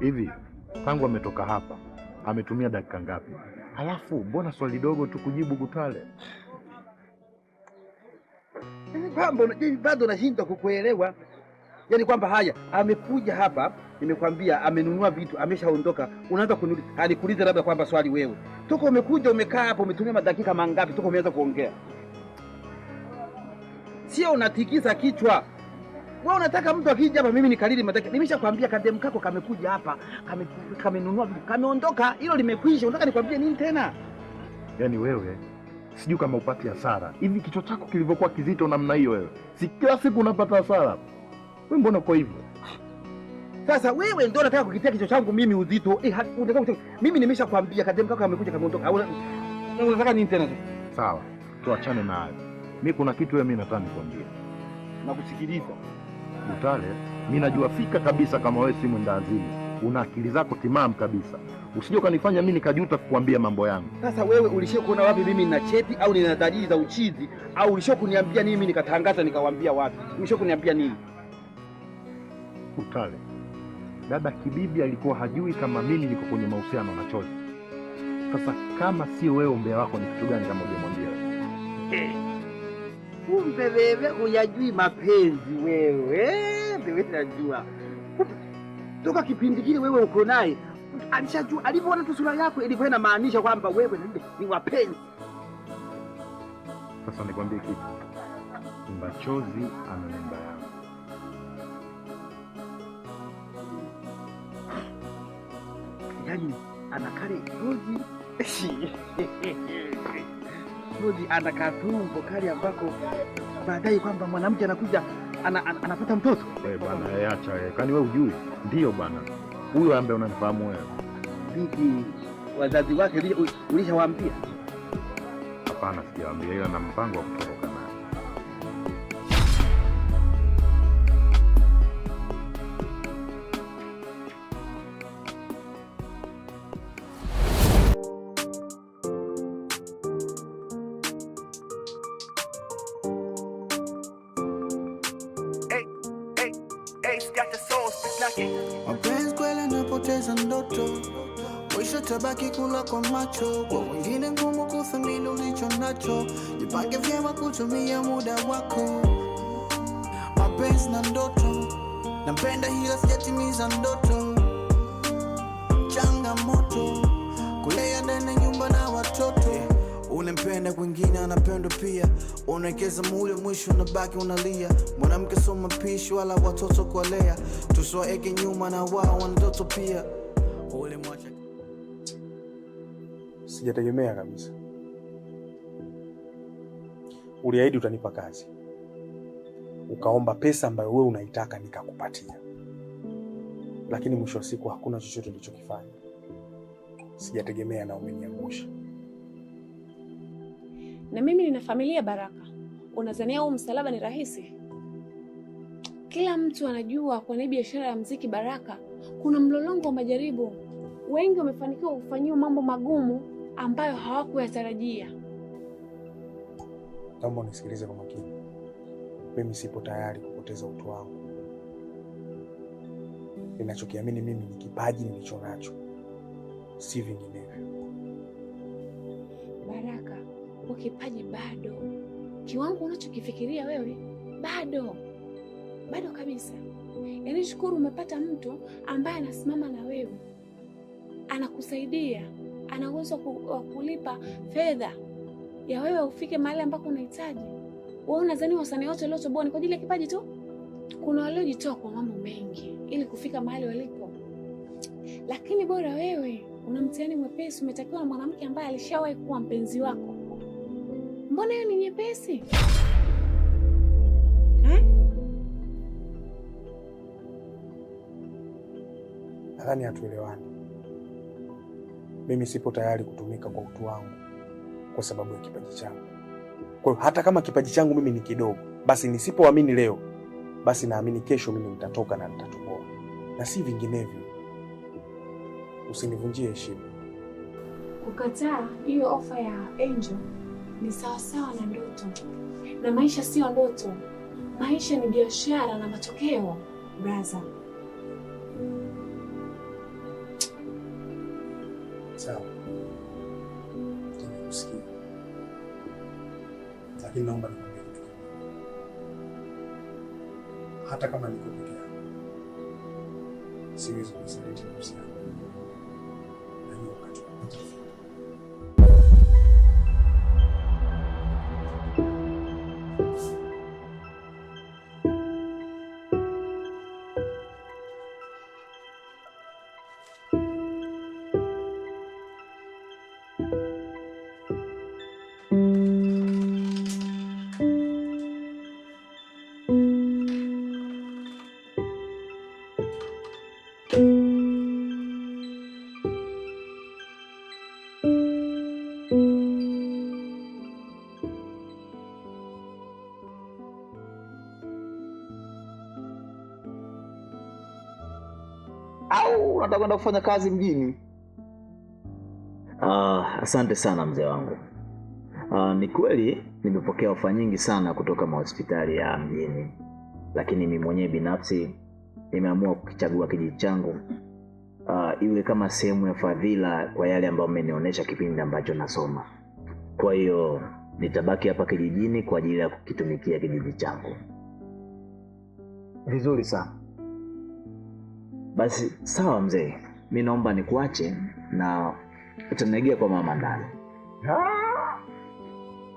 Hivi tangu ametoka hapa ametumia dakika ngapi? Halafu mbona swali dogo tu kujibu Kutale? Kwamba bado nashindwa kukuelewa, yaani kwamba haya, amekuja hapa, nimekwambia amenunua vitu, ameshaondoka, unaanza kuniuliza, alikuuliza labda kwamba swali, wewe toka umekuja umekaa hapa umetumia madakika mangapi toka umeanza kuongea? Sio unatikisa kichwa. Wewe unataka mtu akija hapa mimi nikalili mataki. Nimeshakwambia kadem kako kamekuja hapa, kamenunua kame vitu, kameondoka. Hilo limekwisha. Unataka nikwambie nini tena? Yaani wewe sijui kama upati hasara. Hivi kichwa chako kilivyokuwa kizito namna hiyo wewe. Si kila siku unapata hasara. Wewe mbona uko hivyo? Sasa wewe ndio unataka kukitia kichwa changu mimi uzito. Eh, unataka mimi nimeshakwambia kadem kako kamekuja kameondoka. Unataka nini tena? Sawa. Tuachane na hayo. Mimi kuna kitu wewe mimi nataka nikwambie. Nakusikiliza. Utale, mi najua fika kabisa kama wewe si mwendaazimu, una akili zako timamu kabisa. Usije ukanifanya mi nikajuta kukuambia mambo yangu. Sasa wewe ulishia kuona wapi mimi nina cheti au nina dalili za uchizi? Au ulishia kuniambia nini mimi nikatangaza nikawaambia wapi? Ulishia kuniambia nini? Utale, dada Kibibi alikuwa hajui kama mimi niko kwenye mahusiano na Chozi. Sasa kama si wewe, umbea wako ni kitu gani kama ujamwambia? Hey. Eh, Kumbe wewe uyajui mapenzi wewe, wewe najua. Toka kipindi kile wewe uko naye alishajua, alipoona tu sura yako ilikuwa inamaanisha kwamba wewe ni wapenzi. Sasa nikwambie kitu, Mbachozi ana mimba yangu. Yaani ana kale machozi ana katungo kali ambako baadaye kwamba mwanamke anakuja ana, ana, anapata mtoto bana eh, bwana, yacha eh, eh, kwani wewe ujui? Ndio bwana, huyo ambaye unamfahamu wewe. Vipi wazazi wake ulishawaambia? Hapana, sijawaambia, ila na mpango wa kutoa kueleza ndoto, maisha tabaki kula kwa macho, kwa wengine ngumu kuthamini ulicho nacho. Jipange vyema kutumia muda wako, mapenzi na ndoto. Nampenda hila sijatimiza ndoto, changamoto kulea ndani nyumba na watoto Unempenda kwingine anapendwa pia, unawekeza mule mwisho baki unalia. Mwanamke sio mapishi wala watoto kuwalea, tusiwaeke nyuma na wao wana ndoto pia. Ulimwacha sijategemea kabisa. Uliahidi utanipa kazi, ukaomba pesa ambayo wewe unaitaka nikakupatia, lakini mwisho wa siku hakuna chochote ulichokifanya. Sijategemea na umeniangusha na mimi nina familia Baraka. Unazania huu msalaba ni rahisi? Kila mtu anajua kwenye biashara ya mziki Baraka kuna mlolongo wa majaribu. Wengi wamefanikiwa kufanyiwa mambo magumu ambayo hawakuyatarajia. Naomba unisikilize kwa makini, mimi sipo tayari kupoteza utu wangu. Ninachokiamini mimi ni kipaji nilicho nacho, si vinginevyo kwa kipaji bado, kiwango unachokifikiria wewe bado bado kabisa. Yaani shukuru, umepata mtu ambaye anasimama na wewe, anakusaidia, ana uwezo wa kulipa fedha ya wewe ufike mahali ambako unahitaji wewe. Unadhani wasanii wote waliotoboa ni kwa ajili ya kipaji tu? Kuna waliojitoa kwa mambo mengi ili kufika mahali walipo, lakini bora wewe una mtihani mwepesi, umetakiwa na mwanamke ambaye alishawahi kuwa mpenzi wako Mbona hiyo ni nyepesi eh? Nadhani hatuelewani. Mimi sipo tayari kutumika kwa utu wangu kwa sababu ya kipaji changu. Kwa hiyo hata kama kipaji changu mimi ni kidogo, basi nisipoamini leo, basi naamini kesho mimi nitatoka na nitatoboa, na si vinginevyo. Usinivunjie heshima. Kukataa hiyo ofa ya Angel ni sawasawa na ndoto, na maisha siyo ndoto. Maisha ni biashara na matokeo. brother. sawa, lakini naomba hata kwenda kufanya kazi mjini. Uh, asante sana mzee wangu. Uh, ni kweli nimepokea ofa nyingi sana kutoka mahospitali ya mjini, lakini mimi mwenyewe binafsi nimeamua kukichagua kijiji changu uh, iwe kama sehemu ya fadhila kwa yale ambayo mmenionyesha kipindi ambacho nasoma. Kwa hiyo nitabaki hapa kijijini kwa ajili ya kukitumikia kijiji changu. Vizuri sana basi sawa mzee mi naomba nikuache na utaniagia kwa mama ndani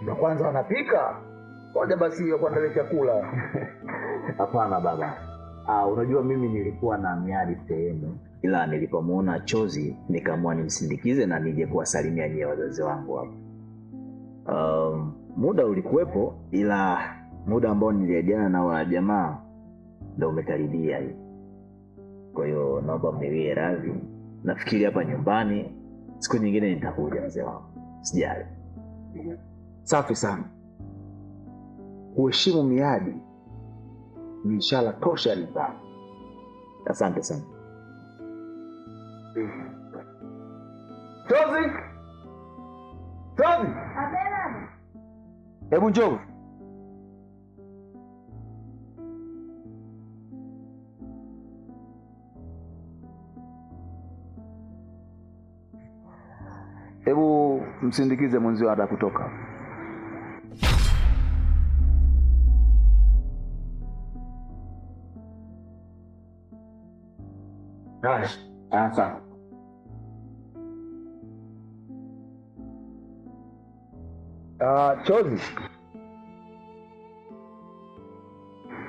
na kwanza wanapika oja, basi hiyo kuandalia chakula hapana baba Aa, ah, unajua mimi nilikuwa na miadi sehemu ila nilipomuona chozi nikaamua nimsindikize na nije kuwasalimia nyie wazazi wangu hapo um, muda ulikuwepo ila muda ambao niliajiana na wajamaa ndo umekaribia hii kwa hiyo naomba mniwie radhi, nafikiri hapa nyumbani siku nyingine nitakuja mzee wangu, sijali. Safi sana. Kuheshimu miadi ni ishara tosha nidhamu. Asante sana. hebu njoo. msindikize mwenzio ada kutoka. uh, Chozi,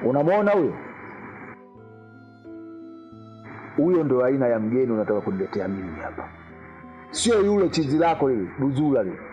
unamwona huyo? Huyo ndo aina ya mgeni unataka kuniletea mimi hapa sio yule chizi lako lile, buzula lile.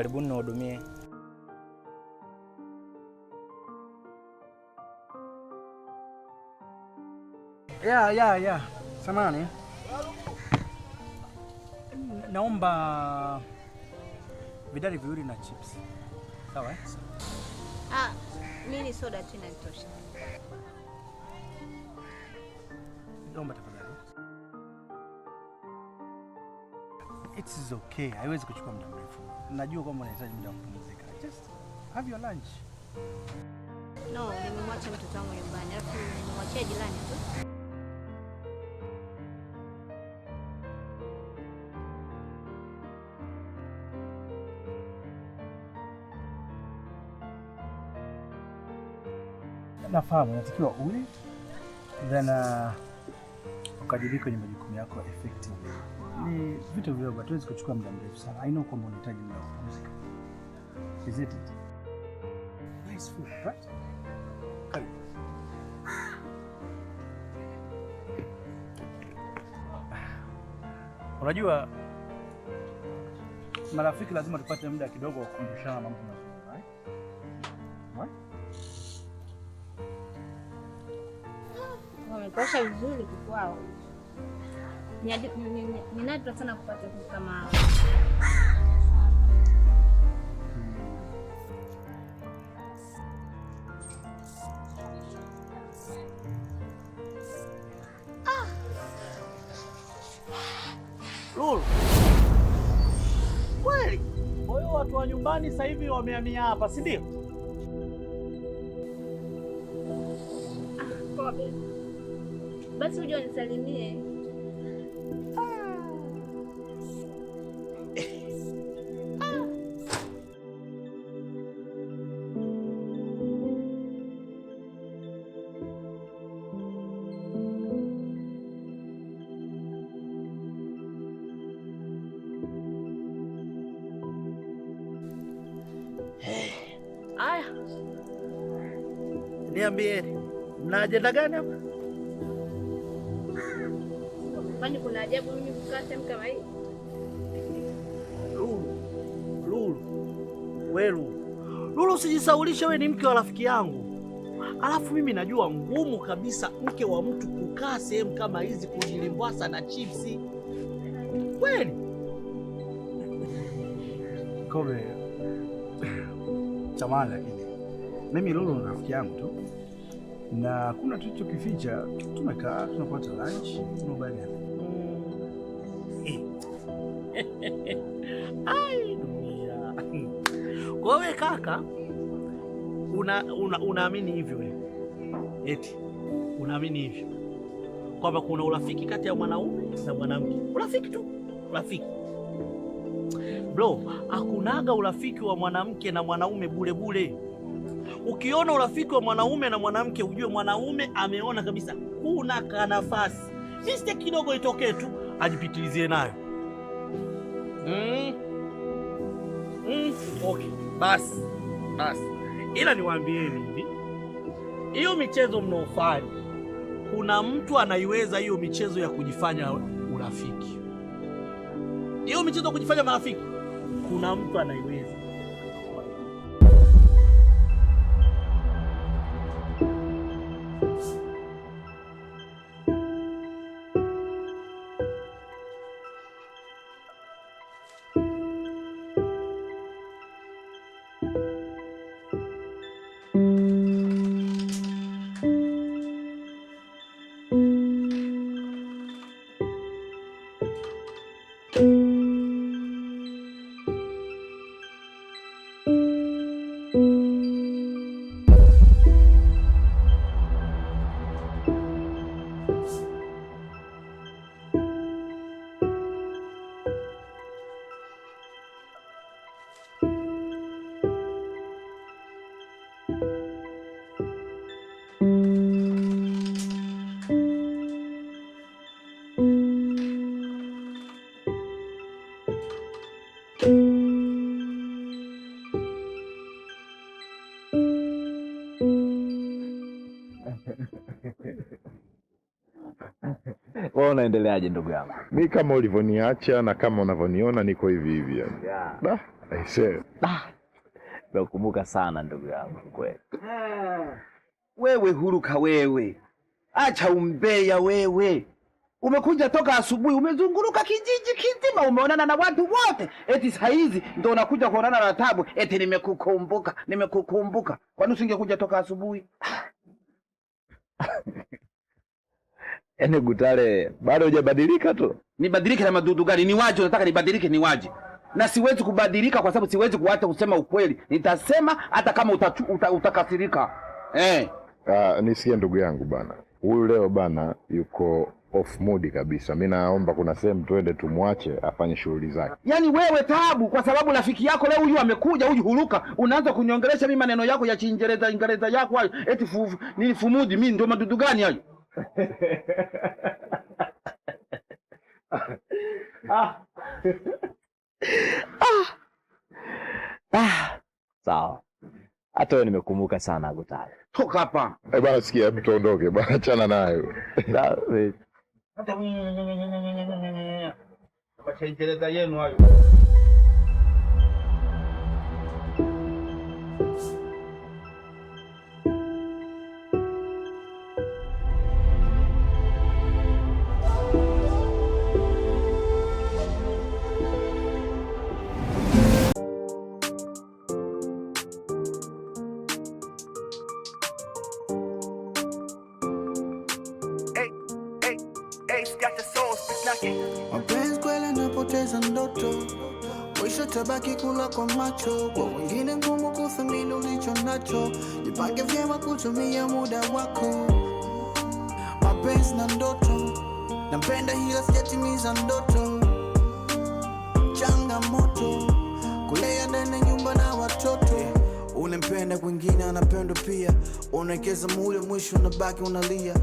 karibuni nihudumie. Ya, ya, ya. Samani, naomba vidali viwili na chips. Sawa eh? Ah, mimi soda tu inatosha. It's okay, haiwezi kuchukua muda mrefu. Najua kwamba unahitaji muda wa kupumzika. Just have your lunch. No, nimemwacha mtoto wangu nyumbani. Alafu nimemwachia jirani tu. Nafahamu unatakiwa ule then uh, ukajibika kwenye majukumu yako effectively ni vitu vidogo, hatuwezi kuchukua muda mrefu sana. I know kwamba unahitaji muda wa kupumzika. Is it it? Nice food, right? Unajua marafiki lazima tupate muda kidogo wa kukumbushana mambo mazuri. Wamekosha vizuri kwao ni nadra sana kupata vitu kama hao. Ah. Lulu, kweli? Kwa hiyo watu wa nyumbani sasa hivi wamehamia hapa, si ndio? Ah, basi uje unisalimie. Niambieni, mna ajenda gani hapa? Kwani kuna ajabu mimi kukaa sehemu kama hii? Lulu, Lulu, we Lulu, Lulu, usijisaulishe, we ni mke wa rafiki yangu. Alafu mimi najua ngumu kabisa mke wa mtu kukaa sehemu kama hizi kujilimbwasa na chipsi kweli. Kome, chamani lakini mimi Lulu na rafiki yangu tu, na kuna kificha, Tumekaa tunapata lunch, tunabaliana. Ai dunia! Kwa wewe kaka, una unaamini hivyo wewe? Eti unaamini hivyo kwamba kuna urafiki kati ya mwanaume na mwanamke? Urafiki tu, urafiki bro. Hakunaga urafiki wa mwanamke na mwanaume bure bure. Ukiona urafiki wa mwanaume na mwanamke, ujue mwanaume ameona kabisa kuna kanafasi siste kidogo itokee tu ajipitilizie nayo. mm. mm. Okay, basi basi, ila niwaambieni hivi, hiyo michezo mnaofanya, kuna mtu anaiweza hiyo michezo ya kujifanya urafiki, hiyo michezo ya kujifanya marafiki, kuna mtu anaiweza unaendeleaje ndugu yangu? Mi kama ulivyoniacha na kama unavyoniona niko hivi hivi yani. Yeah. Da, Nakumbuka sana ndugu yangu kweli. Ah, wewe huruka wewe. Acha umbeya wewe. Umekuja toka asubuhi, umezunguruka kijiji kizima, umeonana na watu wote, eti saizi hizi ndio unakuja kuonana na Tabu, eti nimekukumbuka, nimekukumbuka. Kwani usingekuja toka asubuhi? Yaani Gutale bado hujabadilika tu. Nibadilike na madudu gani? Ni waje unataka nibadilike ni waje? Na siwezi kubadilika kwa sababu siwezi kuacha kusema ukweli. Nitasema hata kama utatu, uta, utakasirika. Eh. Ah, nisikie ndugu yangu bana. Huyu leo bana yuko off mood kabisa. Mimi naomba kuna sehemu tuende tumwache afanye shughuli zake. Yaani wewe tabu kwa sababu rafiki yako leo huyu amekuja huyu huruka, unaanza kuniongelesha mimi maneno yako ya Kiingereza Ingereza yako hayo. Eti fu, nini fumudi mimi ndio madudu gani hayo? ah. ah. Ah. Sawa. Hata wewe nimekumbuka sana Gutale. Toka hapa. Eh, sikia, hebu tuondoke achana nayo. Hata mimi yenu hayo. Mapenzi kweli napoteza ndoto, mwisho tabaki kula kwa macho. Kwa wengine ngumu kuthamini ulicho nacho, jipange vyema kutumia muda wako. Mapenzi na ndoto, nampenda hila sijatimiza ndoto. Changamoto kulea ndani nyumba na watoto unampenda kwingine anapendwa pia, unaekeza mule mwisho unabaki unalia.